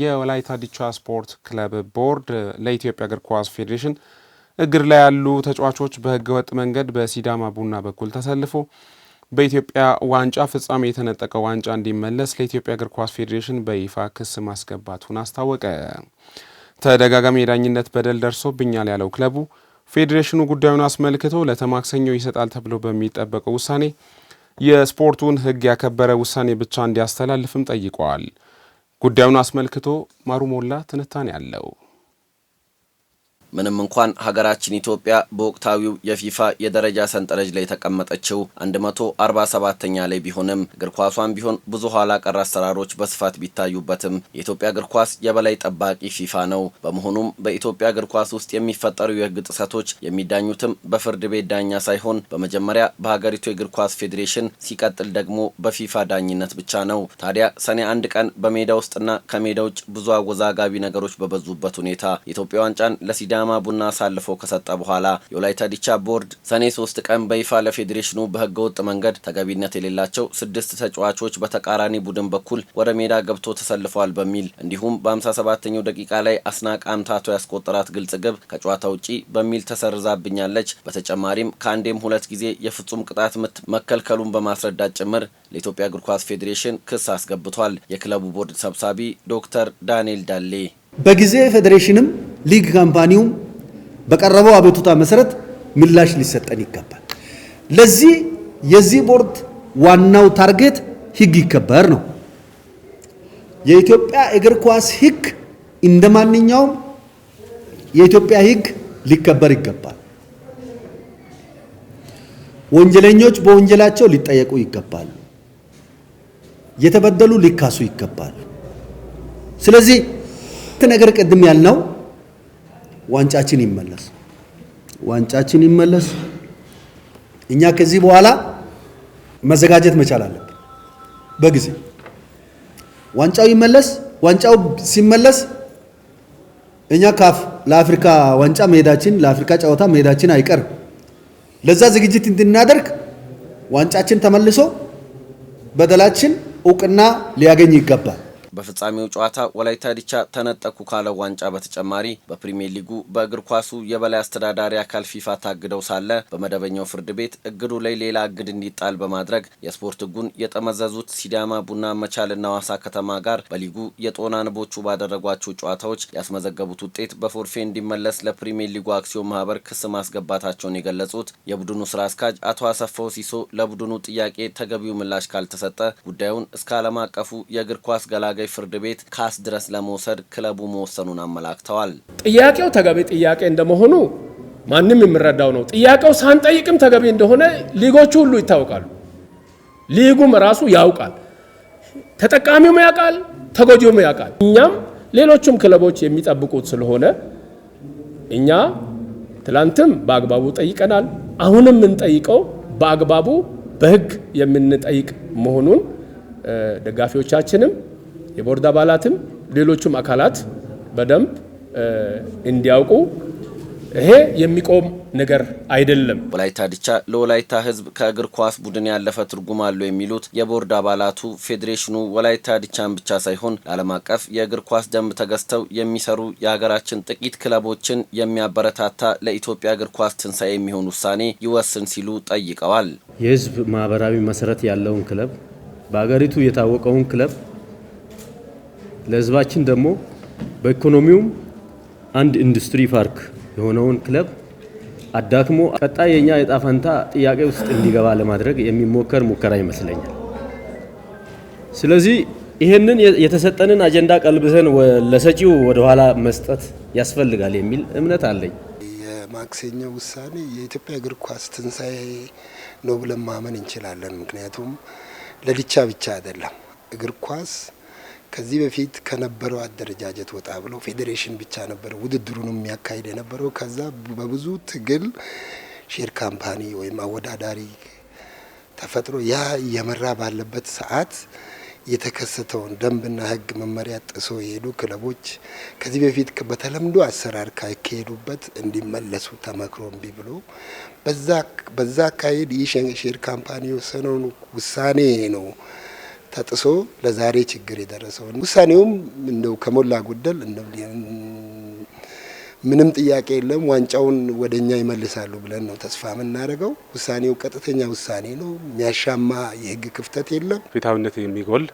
የወላይታ ዲቻ ስፖርት ክለብ ቦርድ ለኢትዮጵያ እግር ኳስ ፌዴሬሽን እግር ላይ ያሉ ተጫዋቾች በህገወጥ መንገድ በሲዳማ ቡና በኩል ተሰልፎ በኢትዮጵያ ዋንጫ ፍጻሜ የተነጠቀ ዋንጫ እንዲመለስ ለኢትዮጵያ እግር ኳስ ፌዴሬሽን በይፋ ክስ ማስገባቱን አስታወቀ። ተደጋጋሚ የዳኝነት በደል ደርሶብኛል ያለው ክለቡ ፌዴሬሽኑ ጉዳዩን አስመልክቶ ለተማክሰኞ ይሰጣል ተብሎ በሚጠበቀው ውሳኔ የስፖርቱን ህግ ያከበረ ውሳኔ ብቻ እንዲያስተላልፍም ጠይቋል። ጉዳዩን አስመልክቶ ማሩ ሞላ ትንታኔ አለው። ምንም እንኳን ሀገራችን ኢትዮጵያ በወቅታዊው የፊፋ የደረጃ ሰንጠረዥ ላይ የተቀመጠችው 147ኛ ላይ ቢሆንም እግር ኳሷን ቢሆን ብዙ ኋላ ቀር አሰራሮች በስፋት ቢታዩበትም የኢትዮጵያ እግር ኳስ የበላይ ጠባቂ ፊፋ ነው። በመሆኑም በኢትዮጵያ እግር ኳስ ውስጥ የሚፈጠሩ የህግ ጥሰቶች የሚዳኙትም በፍርድ ቤት ዳኛ ሳይሆን በመጀመሪያ በሀገሪቱ የእግር ኳስ ፌዴሬሽን፣ ሲቀጥል ደግሞ በፊፋ ዳኝነት ብቻ ነው። ታዲያ ሰኔ አንድ ቀን በሜዳ ውስጥና ከሜዳ ውጭ ብዙ አወዛጋቢ ነገሮች በበዙበት ሁኔታ የኢትዮጵያ ዋንጫን ለሲዳ ለሲዳማ ቡና አሳልፎ ከሰጠ በኋላ የወላይታ ዲቻ ቦርድ ሰኔ ሶስት ቀን በይፋ ለፌዴሬሽኑ ወጥ መንገድ ተገቢነት የሌላቸው ስድስት ተጫዋቾች በተቃራኒ ቡድን በኩል ወደ ሜዳ ገብቶ ተሰልፈዋል በሚል እንዲሁም በ57ኛው ደቂቃ ላይ አስናቅ አምታቶ ያስቆጠራት ግልጽ ግብ ከጨዋታ ውጪ በሚል ተሰርዛብኛለች። በተጨማሪም ከአንዴም ሁለት ጊዜ የፍጹም ቅጣት ምት መከልከሉን በማስረዳት ጭምር ለኢትዮጵያ እግር ኳስ ፌዴሬሽን ክስ አስገብቷል። የክለቡ ቦርድ ሰብሳቢ ዶክተር ዳንኤል ዳሌ በጊዜ ፌዴሬሽንም ሊግ ካምፓኒውም በቀረበው አቤቱታ መሰረት ምላሽ ሊሰጠን ይገባል። ለዚህ የዚህ ቦርድ ዋናው ታርጌት ህግ ይከበር ነው። የኢትዮጵያ እግር ኳስ ህግ እንደ ማንኛውም የኢትዮጵያ ህግ ሊከበር ይገባል። ወንጀለኞች በወንጀላቸው ሊጠየቁ ይገባሉ። የተበደሉ ሊካሱ ይገባሉ። ስለዚህ ነገር ቅድም ያልነው ዋንጫችን ይመለስ፣ ዋንጫችን ይመለስ። እኛ ከዚህ በኋላ መዘጋጀት መቻል አለብን በጊዜ ዋንጫው ይመለስ። ዋንጫው ሲመለስ እኛ ካፍ ለአፍሪካ ዋንጫ መሄዳችን ለአፍሪካ ጨዋታ መሄዳችን አይቀርም። ለዛ ዝግጅት እንድናደርግ ዋንጫችን ተመልሶ በደላችን እውቅና ሊያገኝ ይገባል። በፍጻሜው ጨዋታ ወላይታ ዲቻ ተነጠኩ ካለው ዋንጫ በተጨማሪ በፕሪሚየር ሊጉ በእግር ኳሱ የበላይ አስተዳዳሪ አካል ፊፋ ታግደው ሳለ በመደበኛው ፍርድ ቤት እግዱ ላይ ሌላ እግድ እንዲጣል በማድረግ የስፖርት ሕጉን የጠመዘዙት ሲዳማ ቡና መቻልና ሐዋሳ ከተማ ጋር በሊጉ የጦና ንቦቹ ባደረጓቸው ጨዋታዎች ያስመዘገቡት ውጤት በፎርፌ እንዲመለስ ለፕሪሚየር ሊጉ አክሲዮን ማህበር ክስ ማስገባታቸውን የገለጹት የቡድኑ ስራ አስኪያጅ አቶ አሰፋው ሲሶ ለቡድኑ ጥያቄ ተገቢው ምላሽ ካልተሰጠ ጉዳዩን እስከ ዓለም አቀፉ የእግር ኳስ ገላገ ተሟጋች ፍርድ ቤት ካስ ድረስ ለመውሰድ ክለቡ መወሰኑን አመላክተዋል። ጥያቄው ተገቢ ጥያቄ እንደመሆኑ ማንም የሚረዳው ነው። ጥያቄው ሳንጠይቅም ተገቢ እንደሆነ ሊጎቹ ሁሉ ይታወቃሉ። ሊጉም ራሱ ያውቃል። ተጠቃሚውም ያውቃል፣ ተጎጂውም ያውቃል። እኛም ሌሎቹም ክለቦች የሚጠብቁት ስለሆነ እኛ ትላንትም በአግባቡ ጠይቀናል። አሁንም የምንጠይቀው በአግባቡ በህግ የምንጠይቅ መሆኑን ደጋፊዎቻችንም የቦርድ አባላትም ሌሎቹም አካላት በደንብ እንዲያውቁ ይሄ የሚቆም ነገር አይደለም። ወላይታ ድቻ ለወላይታ ሕዝብ ከእግር ኳስ ቡድን ያለፈ ትርጉም አለው የሚሉት የቦርድ አባላቱ ፌዴሬሽኑ ወላይታ ድቻን ብቻ ሳይሆን ለዓለም አቀፍ የእግር ኳስ ደንብ ተገዝተው የሚሰሩ የሀገራችን ጥቂት ክለቦችን የሚያበረታታ ለኢትዮጵያ እግር ኳስ ትንሣኤ የሚሆን ውሳኔ ይወስን ሲሉ ጠይቀዋል። የሕዝብ ማህበራዊ መሰረት ያለውን ክለብ በሀገሪቱ የታወቀውን ክለብ ለህዝባችን ደግሞ በኢኮኖሚውም አንድ ኢንዱስትሪ ፓርክ የሆነውን ክለብ አዳክሞ ቀጣይ የኛ የዕጣ ፈንታ ጥያቄ ውስጥ እንዲገባ ለማድረግ የሚሞከር ሙከራ ይመስለኛል። ስለዚህ ይህንን የተሰጠንን አጀንዳ ቀልብሰን ለሰጪው ወደኋላ መስጠት ያስፈልጋል የሚል እምነት አለኝ። የማክሰኞ ውሳኔ የኢትዮጵያ እግር ኳስ ትንሣኤ ነው ብለን ማመን እንችላለን። ምክንያቱም ለድቻ ብቻ አይደለም እግር ኳስ ከዚህ በፊት ከነበረው አደረጃጀት ወጣ ብሎ ፌዴሬሽን ብቻ ነበረ ውድድሩን የሚያካሂድ የነበረው። ከዛ በብዙ ትግል ሼር ካምፓኒ ወይም አወዳዳሪ ተፈጥሮ ያ እየመራ ባለበት ሰዓት የተከሰተውን ደንብና ሕግ መመሪያ ጥሶ የሄዱ ክለቦች ከዚህ በፊት በተለምዶ አሰራር ከሄዱበት እንዲመለሱ ተመክሮ እምቢ ብሎ በዛ አካሄድ ይህ ሼር ካምፓኒ የወሰነውን ውሳኔ ነው ተጥሶ ለዛሬ ችግር የደረሰው ውሳኔውም እንደው ከሞላ ጎደል ምንም ጥያቄ የለም ዋንጫውን ወደኛ ይመልሳሉ ብለን ነው ተስፋ የምናደርገው። ውሳኔው ቀጥተኛ ውሳኔ ነው። የሚያሻማ የህግ ክፍተት የለም። ፍትሐዊነት የሚጎል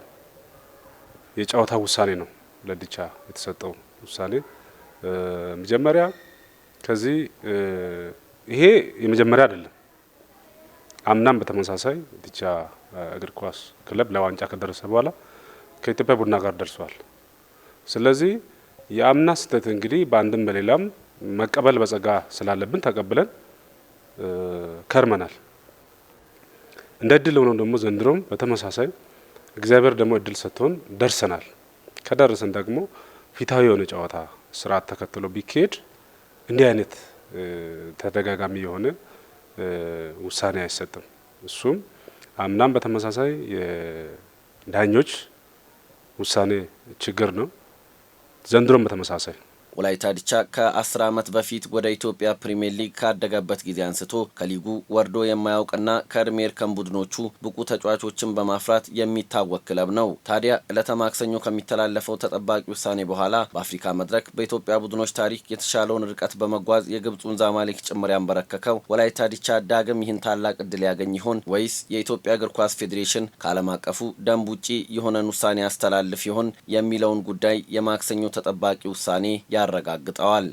የጨዋታ ውሳኔ ነው ለዲቻ የተሰጠው ውሳኔ። መጀመሪያ ከዚህ ይሄ የመጀመሪያ አይደለም አምናም በተመሳሳይ ዲቻ እግር ኳስ ክለብ ለዋንጫ ከደረሰ በኋላ ከኢትዮጵያ ቡና ጋር ደርሷል። ስለዚህ የአምና ስህተት እንግዲህ በአንድም በሌላም መቀበል በጸጋ ስላለብን ተቀብለን ከርመናል። እንደ እድል ሆነው ደግሞ ዘንድሮም በተመሳሳይ እግዚአብሔር ደግሞ እድል ሰጥቶን ደርሰናል። ከደረሰን ደግሞ ፊታዊ የሆነ ጨዋታ ስርዓት ተከትሎ ቢካሄድ እንዲህ አይነት ተደጋጋሚ የሆነ ውሳኔ አይሰጥም። እሱም አምናም በተመሳሳይ የዳኞች ውሳኔ ችግር ነው። ዘንድሮም በተመሳሳይ ወላይታ ዲቻ ከ ዓመት በፊት ወደ ኢትዮጵያ ፕሪምየር ሊግ ካደገበት ጊዜ አንስቶ ከሊጉ ወርዶ የማያውቅና ከዕድሜ እርከን ቡድኖቹ ብቁ ተጫዋቾችን በማፍራት የሚታወቅ ክለብ ነው። ታዲያ ዕለተ ማክሰኞ ከሚተላለፈው ተጠባቂ ውሳኔ በኋላ በአፍሪካ መድረክ በኢትዮጵያ ቡድኖች ታሪክ የተሻለውን ርቀት በመጓዝ የግብፁን ዛማሌክ ጭምር ያንበረከከው ወላይታ ዲቻ ዳግም ይህን ታላቅ እድል ያገኝ ይሆን ወይስ የኢትዮጵያ እግር ኳስ ፌዴሬሽን ከዓለም አቀፉ ደንብ ውጪ የሆነን ውሳኔ ያስተላልፍ ይሆን የሚለውን ጉዳይ የማክሰኞ ተጠባቂ ውሳኔ ያ አረጋግጠዋል